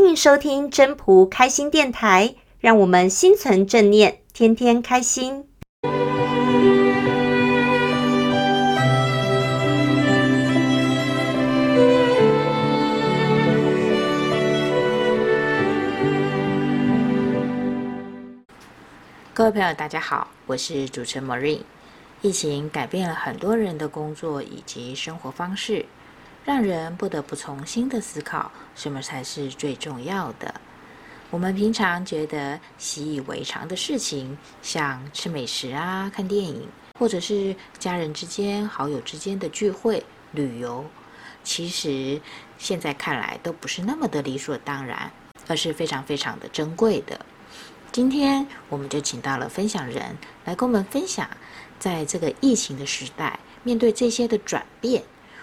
歡迎收聽真樸開心電台，讓我們心存正念，天天開心。各位朋友，大家好，我是主持人 Marine。疫情改變了很多人的工作以及生活方式。讓人不得不重新的思考什麼才是最重要的。我們平常覺得習以為常的事情，像吃美食啊、看電影，或者是家人之間、好友之間的聚會、旅遊，其實現在看來都不是那麼的理所當然，而是非常非常的珍貴的。今天我們就請到了分享人來跟我們分享，在這個疫情的時代，面對這些的轉變。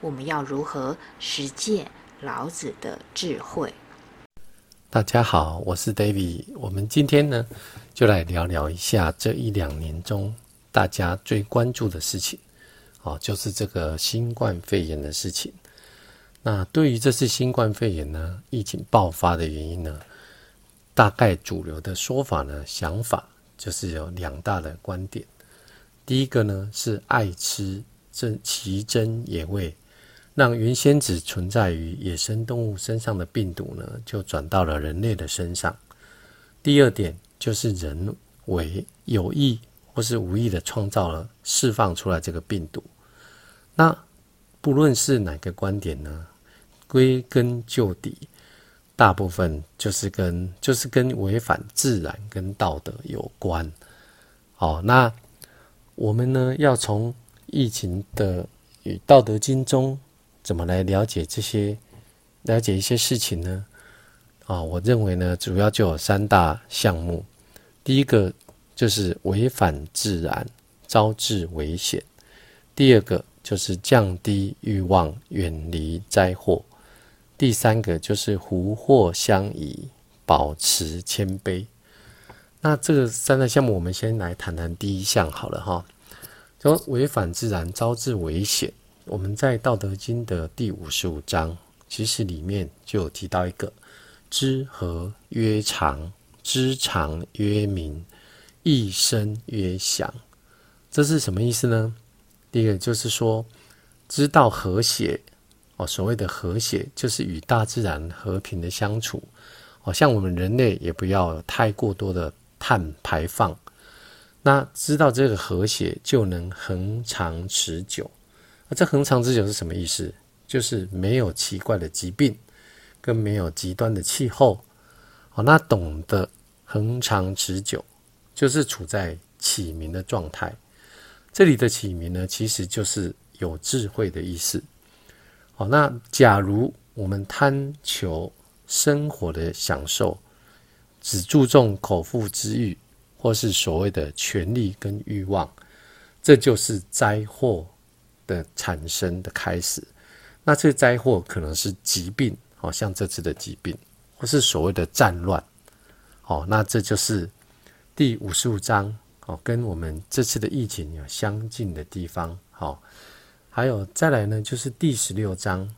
我們要如何實踐老子的智慧？大家好，我是 David。我們今天呢，就來聊聊一下這一兩年中大家最關注的事情，哦，就是這個新冠肺炎的事情。那對於這次新冠肺炎呢，疫情爆發的原因呢，大概主流的說法呢，想法就是有兩大的觀點。第一個呢，是愛吃這奇珍野味。讓原先只存在於野生動物身上的病毒呢，就轉到了人類的身上。第二點就是人為有意或是無意的創造了、釋放出來這個病毒。那不論是哪個觀點呢，歸根究底，大部分就是跟就是跟違反自然跟道德有關。好，那我們呢要從疫情的與《道德經》中，怎麼來了解這些、了解一些事情呢？啊、哦，我認為呢，主要就有三大項目。第一個就是違反自然，招致危險；第二個就是降低慾望，遠離災禍；第三個就是福禍相倚，保持謙卑。那這個三大項目，我們先來談談第一項好了哈，說違反自然，招致危險。我們在《道德經》的第五十五章，其實裡面就有提到一個“知和曰常，知常曰明，一生曰祥”。這是什麼意思呢？第一個就是說，知道和諧哦，所謂的和諧就是與大自然和平的相處哦，像我們人類也不要太過多的碳排放。那知道這個和諧，就能恆長持久。這恆常之久是什麼意思？就是沒有奇怪的疾病，跟沒有極端的氣候。好，那懂得恆常持久，就是處在啟明的狀態。這裡的啟明呢，其實就是有智慧的意思。好，那假如我們貪求生活的享受，只注重口腹之欲，或是所謂的權力跟欲望，這就是災禍的產生的開始，那這災禍可能是疾病，哦，像這次的疾病，或是所謂的戰亂，哦，那這就是第五十五章，哦，跟我們這次的疫情有相近的地方，好、哦，還有再來呢，就是第十六章，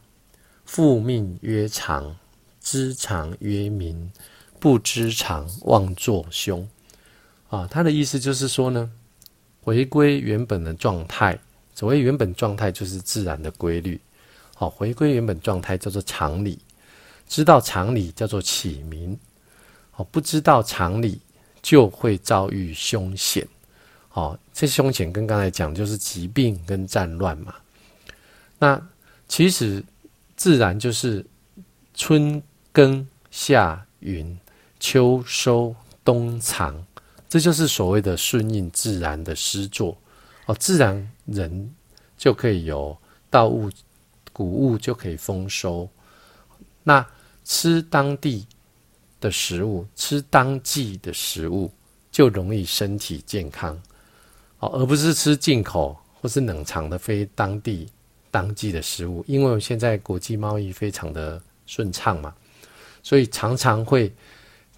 復命曰常，知常曰明，不知常，妄作凶。啊、哦，他的意思就是說呢，回歸原本的狀態。所謂原本狀態就是自然的規律，好、哦，回歸原本狀態叫做常理，知道常理叫做啟明、哦，不知道常理就會遭遇凶險、哦，這凶險跟剛才講就是疾病跟戰亂嘛。那其實自然就是春耕、夏耘、秋收、冬藏，這就是所謂的順應自然的施作，哦、自然。人就可以有稻物，穀物就可以豐收。那吃當地的食物，吃當季的食物，就容易身體健康。哦，而不是吃進口或是冷藏的非當地、當季的食物。因為現在國際貿易非常的順暢嘛，所以常常會，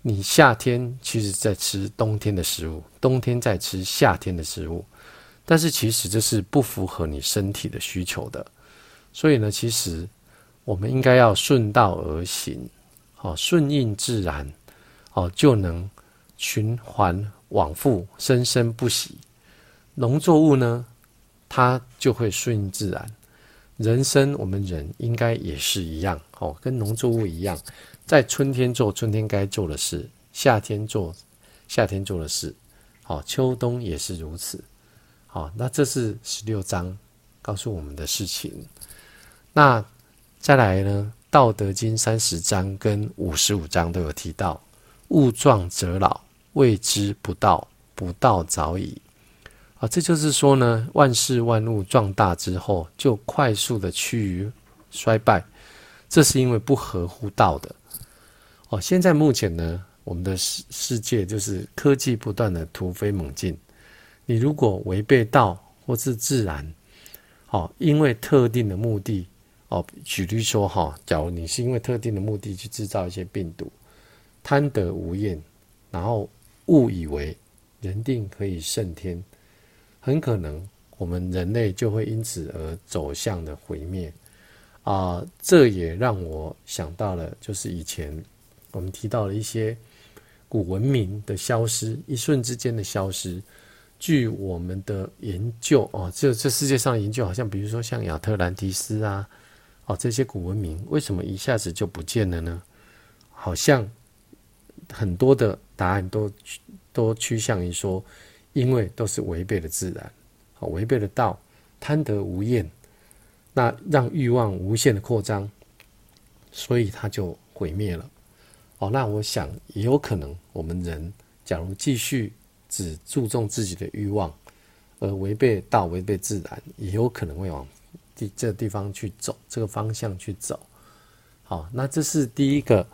你夏天其實在吃冬天的食物，冬天在吃夏天的食物。但是其實這是不符合你身體的需求的，所以呢，其實我們應該要順道而行，哦，順應自然，哦就能循環往復，生生不息。農作物呢，它就會順應自然；人生，我們人應該也是一樣，哦，跟農作物一樣，在春天做春天該做的事，夏天做夏天做的事，哦，秋冬也是如此。好，那這是十六章告訴我們的事情。那再來呢，《道德經》三十章跟五十五章都有提到：“物壯則老，謂之不道，不道早已。”好，這就是說呢，萬事萬物壯大之後，就快速的趨於衰敗，這是因為不合乎道的。哦，現在目前呢，我們的世世界就是科技不斷的突飛猛進。你如果違背道或是自然，好，因為特定的目的，哦，舉例說哈，假如你是因為特定的目的去制造一些病毒，貪得無厭，然後誤以為人定可以勝天，很可能我們人類就會因此而走向的毀滅啊，呃！這也讓我想到了，就是以前我們提到了一些古文明的消失，一瞬之間的消失。據我們的研究哦，這這世界上的研究，好像比如說像亞特蘭蒂斯啊，哦這些古文明，為什麼一下子就不見了呢？好像很多的答案都都趨向於說，因為都是違背了自然，哦，違背了道，貪得無厭，那讓慾望無限的擴張，所以它就毀滅了。哦，那我想也有可能，我們人假如繼續。只注重自己的欲望，而違背道、違背自然，也有可能會往這這地方去走，這個方向去走。好，那這是第一個，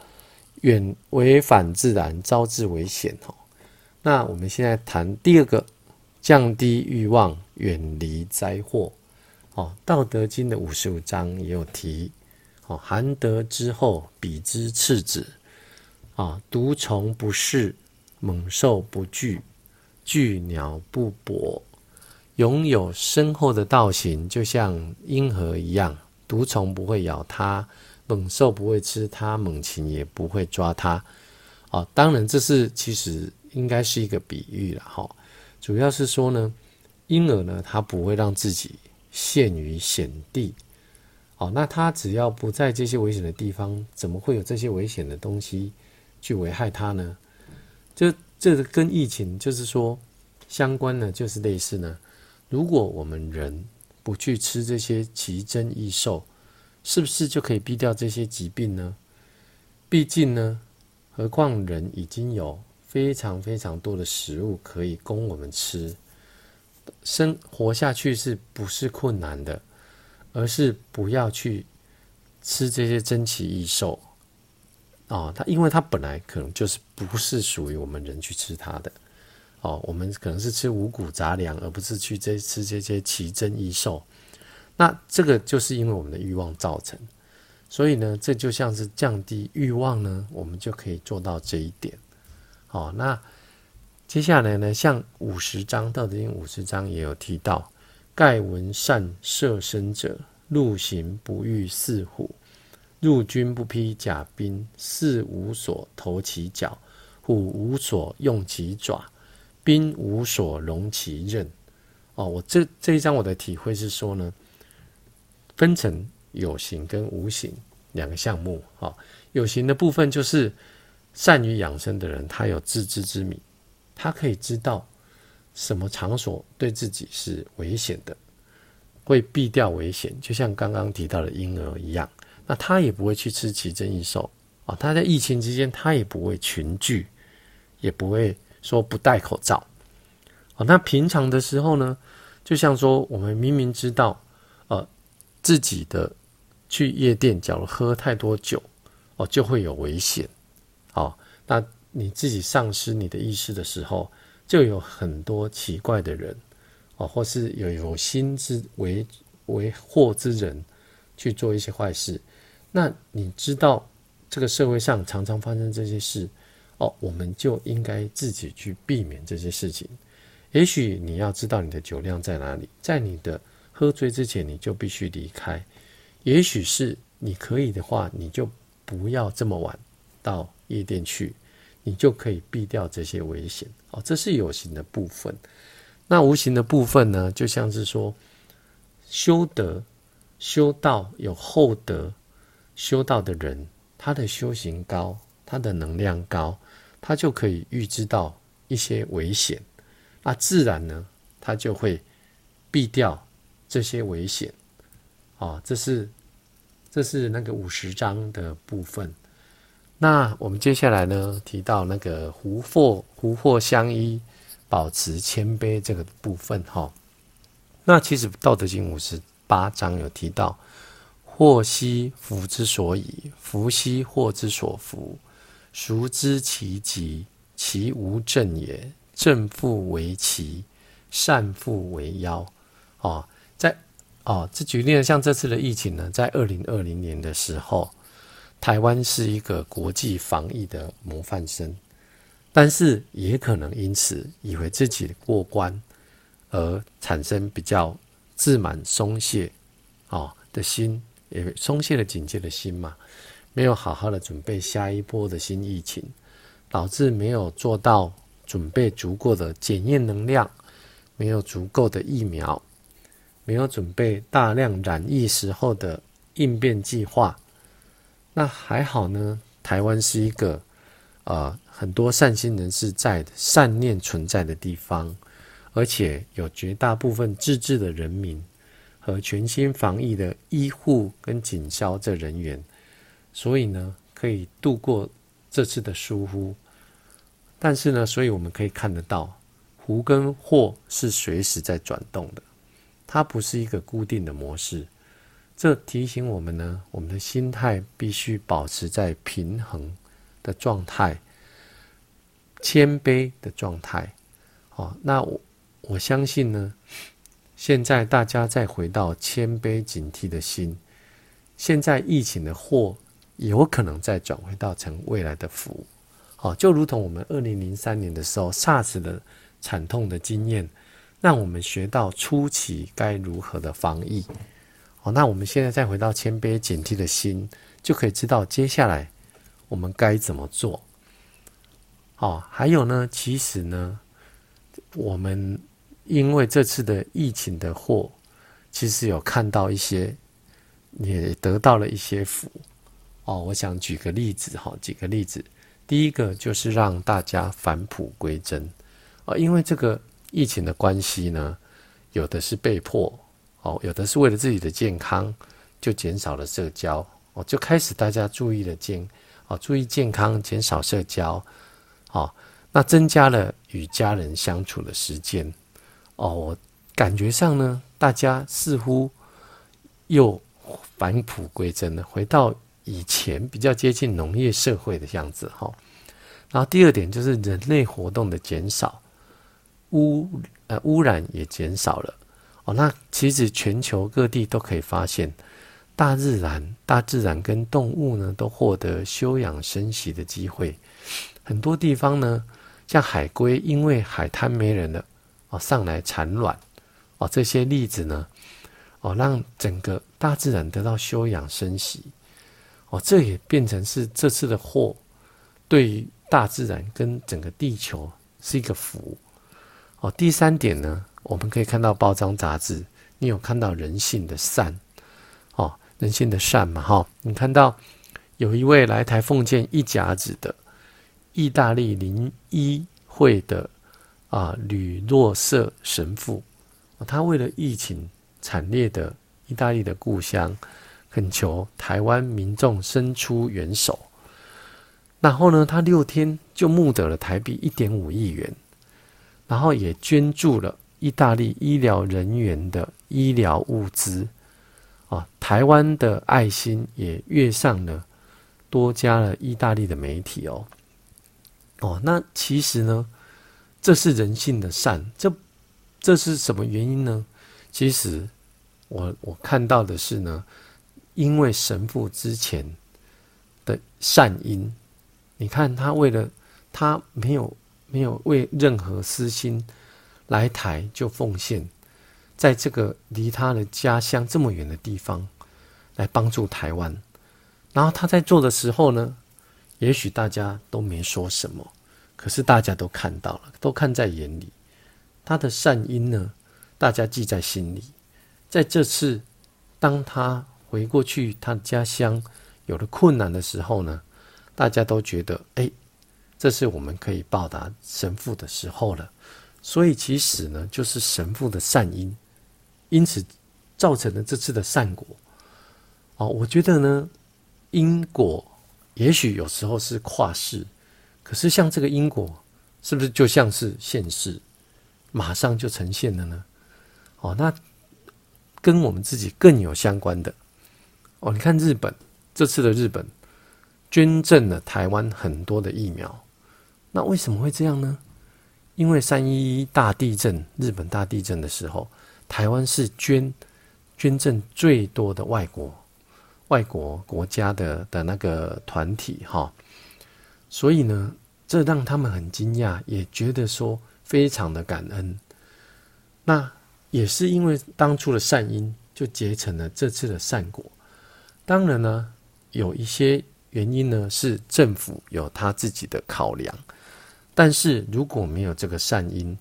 遠違反自然，招致危險哦。那我們現在談第二個，降低欲望，遠離災禍。哦，《道德經》的五十五章也有提。哦，含德之厚，彼之赤子。啊，毒蟲不螫，猛獸不懼。巨鳥不搏，擁有深厚的道行，就像嬰兒一樣，毒蟲不會咬它，猛獸不會吃它，猛禽也不會抓它。哦，當然，這是其實應該是一個比喻了哈，哦。主要是說呢，嬰兒呢，他不會讓自己陷於險地。哦，那他只要不在這些危險的地方，怎麼會有這些危險的東西去危害他呢？就。這個跟疫情就是說相關的，就是類似呢。如果我們人不去吃這些奇珍異獸，是不是就可以避掉這些疾病呢？畢竟呢，何況人已經有非常非常多的食物可以供我們吃，生活下去是不是困難的？而是不要去吃這些珍奇異獸。哦，它因為它本來可能就是不是屬於我們人去吃它的。哦，我們可能是吃五穀雜糧，而不是去這吃這些奇珍異獸。那這個就是因為我們的慾望造成，所以呢，這就像是降低慾望呢，我們就可以做到這一點。哦，那接下來呢，像五十章《道德經》五十章也有提到：“蓋聞善攝生者，陸行不遇兕虎。”入軍不披甲兵，兕無所投其角；虎無所用其爪，兵無所容其刃。哦，我這這一章我的體會是說呢，分成有形跟無形兩個項目。哈、哦，有形的部分就是善於養生的人，他有自知之明，他可以知道什麼場所對自己是危險的，會避掉危險。就像剛剛提到的嬰兒一樣。那他也不會去吃奇珍異獸啊，他在疫情期間，他也不會群聚，也不會說不戴口罩。啊、哦，那平常的時候呢，就像說我們明明知道，呃，自己的去夜店，假如喝太多酒，哦，就會有危險。哦，那你自己喪失你的意識的時候，就有很多奇怪的人，哦，或是有有心之為為禍之人去做一些壞事。那你知道這個社會上常常發生這些事哦，我們就應該自己去避免這些事情。也許你要知道你的酒量在哪裡，在你的喝醉之前你就必須離開。也許是你可以的話，你就不要這麼晚到夜店去，你就可以避掉這些危險哦。這是有形的部分，那無形的部分呢，就像是說修德、修道，有厚德。修道的人，他的修行高，他的能量高，他就可以預知到一些危險，那自然呢，他就會避掉這些危險。哦，這是這是那個五十章的部分。那我們接下來呢，提到那個福禍福禍相依，保持謙卑這個部分。好、哦，那其實《道德經》五十八章有提到。禍兮福之所倚，福兮禍之所伏。孰知其極？其無正也。正復為奇，善復為妖。哦，在哦，這舉例像這次的疫情呢，在二零二零年的時候，台灣是一個國際防疫的模範生，但是也可能因此以為自己過關，而產生比較自滿鬆懈啊、哦、的心。也鬆懈了警戒的心嘛，沒有好好的準備下一波的新疫情，導致沒有做到準備足夠的檢驗能量，沒有足夠的疫苗，沒有準備大量染疫時候的應變計劃。那還好呢，台灣是一個呃很多善心人士在的善念存在的地方，而且有絕大部分自治的人民，和全心防疫的醫護跟警消這人員，所以呢，可以度過這次的疏忽。但是呢，所以我們可以看得到，福跟禍是隨時在轉動的，它不是一個固定的模式。這提醒我們呢，我們的心態必須保持在平衡的狀態、謙卑的狀態。好、哦，那我我相信呢。現在大家再回到謙卑警惕的心，現在疫情的禍有可能再轉回到成未來的福，好，就如同我們二零零三年的時候 SARS 的慘痛的經驗，讓我們學到初期該如何的防疫。好，那我們現在再回到謙卑警惕的心，就可以知道接下來我們該怎麼做。好，還有呢，其實呢，我們。因為這次的疫情的禍，其實有看到一些，也得到了一些福哦。我想舉個例子哈，舉個例子，第一個就是讓大家返璞歸真啊、哦。因為這個疫情的關係呢，有的是被迫哦，有的是為了自己的健康，就減少了社交哦，就開始大家注意了健啊、哦，注意健康，減少社交啊、哦，那增加了與家人相處的時間。哦，我感覺上呢，大家似乎又返璞歸真了，回到以前比較接近農業社會的樣子哈。然後第二點就是人類活動的減少，汙呃汙染也減少了。哦，那其實全球各地都可以發現，大自然、大自然跟動物呢都獲得休養生息的機會。很多地方呢，像海龜，因為海灘沒人了。上來產卵，哦，這些例子呢，哦，讓整個大自然得到休養生息，哦，這也變成是這次的禍，對於大自然跟整個地球是一個福，哦，第三點呢，我們可以看到報章雜誌，你有看到人性的善，哦，人性的善嘛，哈、哦，你看到有一位來台奉獻一甲子的意大利靈醫會的。啊，呂若瑟神父、哦，他為了疫情慘烈的意大利的故鄉，懇求台灣民眾伸出援手。然後呢，他六天就募得了台幣一點五億元，然後也捐助了意大利醫療人員的醫療物資。啊、哦，台灣的愛心也躍上了，多家了意大利的媒體哦。哦，那其實呢？這是人性的善，這這是什麼原因呢？其實我，我我看到的是呢，因為神父之前的善因，你看他為了他沒有沒有為任何私心來台就奉獻，在這個離他的家鄉這麼遠的地方來幫助台灣，然後他在做的時候呢，也許大家都沒說什麼。可是大家都看到了，都看在眼裡，他的善因呢，大家記在心裡。在這次，當他回過去他的家鄉，有了困難的時候呢，大家都覺得，哎、欸，這是我們可以報答神父的時候了。所以其實呢，就是神父的善因，因此造成了這次的善果。哦，我覺得呢，因果也許有時候是跨世。可是，像這個因果，是不是就像是現世馬上就呈現了呢？哦，那跟我們自己更有相關的哦。你看，日本這次的日本捐贈了台灣很多的疫苗，那為什麼會這樣呢？因為三一一大地震，日本大地震的時候，台灣是捐捐贈最多的外國外國國家的的那個團體哈。哦所以呢，這讓他們很驚訝，也覺得說非常的感恩。那也是因為當初的善因，就結成了這次的善果。當然呢，有一些原因呢，是政府有他自己的考量。但是如果沒有這個善因，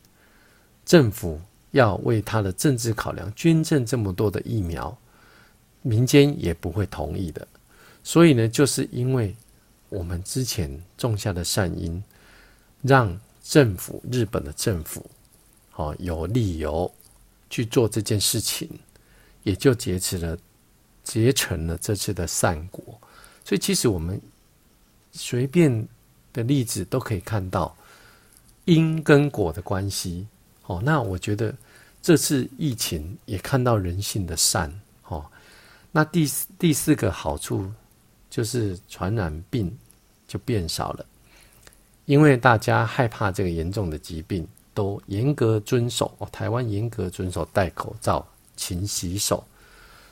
政府要為他的政治考量捐贈這麼多的疫苗，民間也不會同意的。所以呢，就是因為。我們之前種下的善因，讓政府，日本的政府，哦，有理由去做這件事情，也就結起了結成了這次的善果。所以，其實我們隨便的例子都可以看到因跟果的關係。哦，那我覺得這次疫情也看到人性的善。哦，那第第四個好處。就是傳染病就變少了，因為大家害怕這個嚴重的疾病，都嚴格遵守。哦，台灣嚴格遵守戴口罩、勤洗手，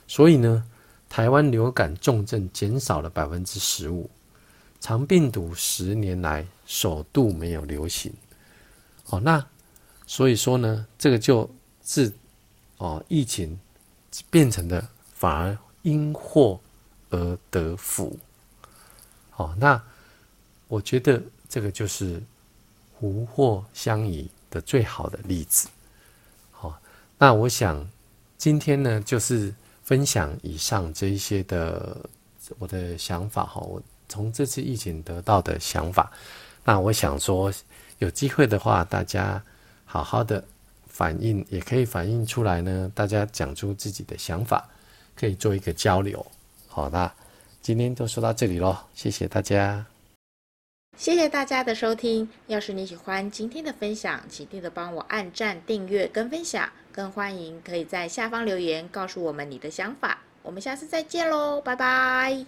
所以呢，台灣流感重症減少了百分之十五，腸病毒十年來首度沒有流行。哦，那所以說呢，這個就自哦疫情變成了反而因禍而得福，好、哦，那我覺得這個就是福禍相依的最好的例子。好、哦，那我想今天呢，就是分享以上這一些的我的想法哈、哦。我從這次疫情得到的想法，那我想說，有機會的話，大家好好的反映，也可以反映出來呢。大家講出自己的想法，可以做一個交流。好啦，今天就說到這裡咯。謝謝大家，謝謝大家的收聽。要是你喜歡今天的分享，請記得幫我按贊、訂閱跟分享，更歡迎可以在下方留言告訴我們你的想法。我們下次再見嘍，拜拜。